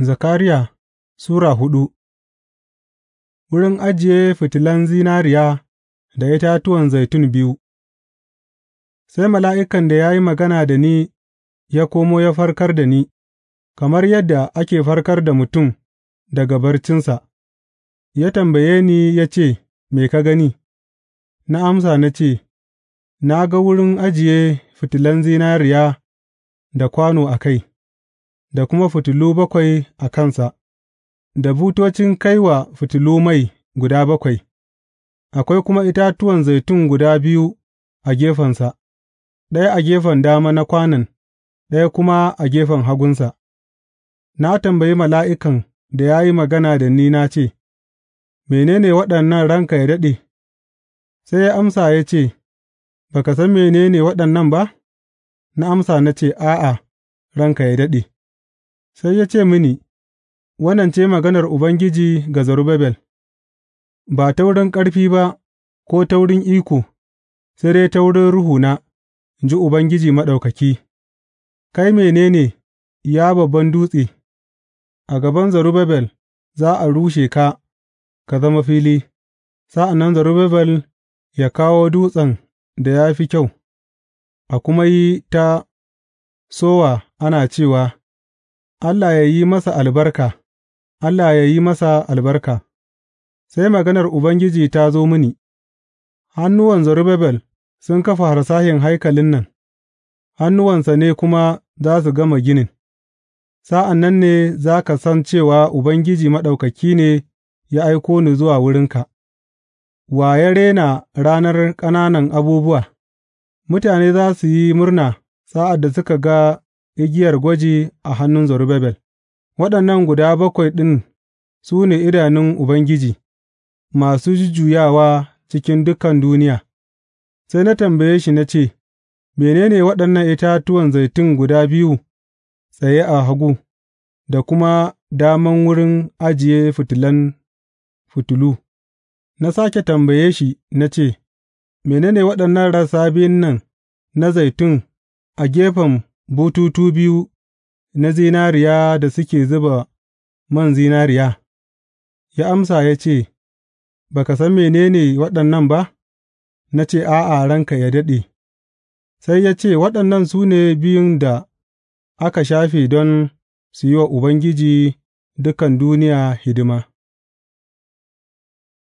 Zakariya Sura hudu Wurin ajiye fitilan zinariya da itatuwan zaitun biyu Sai mala'ikan da ya yi magana da ni ya komo ya farkar da ni, kamar yadda ake farkar da mutum daga barcinsa, ya tambaye ni ya ce, Me ka gani? Na amsa na ce, Na ga wurin ajiye fitilan zinariya da kwano a kai. da kuma fitilu bakwai a kansa, da butocin kai wa fitilu mai guda bakwai, akwai kuma itatuwan zaitun guda biyu a gefensa, ɗaya a gefen dama na kwanan ɗaya kuma a gefen hagunsa. Na tambayi mala'ikan da ya yi magana da ni na ce, Mene ne waɗannan ranka ya daɗe? Sai ya amsa ya ce, Ba ka san menene waɗannan ba? Na amsa na ce, A'a, ranka ya daɗe. Sai ya ce mini, Wannan ce maganar Ubangiji ga Zerubbabel, Ba ta wurin ƙarfi ba ko ta wurin iko, sai dai ta wurin Ruhuna, in ji Ubangiji Maɗaukaki, Kai menene ya babban dutse, a gaban Zerubbabel za a rushe ka, ka zama fili, sa'an nan Zerubbabel ya kawo dutsen da ya fi kyau, a kuma yi ta sowa ana cewa. Allah ya yi masa albarka, Allah ya yi masa albarka, sai maganar Ubangiji ta zo mini, hannuwan Zerubbabel sun kafa harsashin haikalin nan, hannuwansa ne kuma za su gama ginin, sa'an nan ne za ka san cewa Ubangiji Maɗaukaki ne ya aiko ni zuwa wurinka, wa ya rena ranar ƙananan abubuwa, mutane za su yi murna sa'ad da suka ga igiyar gwaji a hannun Zerubbabel Waɗannan guda bakwai ɗin su ne idanun Ubangiji, masu jujjuyawa cikin dukan duniya, sai na tambaye shi na ce, Mene ne waɗannan itatuwan zaitun guda biyu tsaye a hagu, da kuma daman wurin ajiye fitilan fitilu, na sake tambaye shi na ce, menene waɗannan rasa nan na zaitun a gefen bututu biyu na zinariya da suke zuba man zinariya? Ya amsa ya ce, Ba ka san mene ne waɗannan ba? Na ce, A'a, ranka ya daɗe. Sai ya ce, Waɗannan su ne biyun da aka shafe don su yi wa Ubangiji dukan duniya hidima.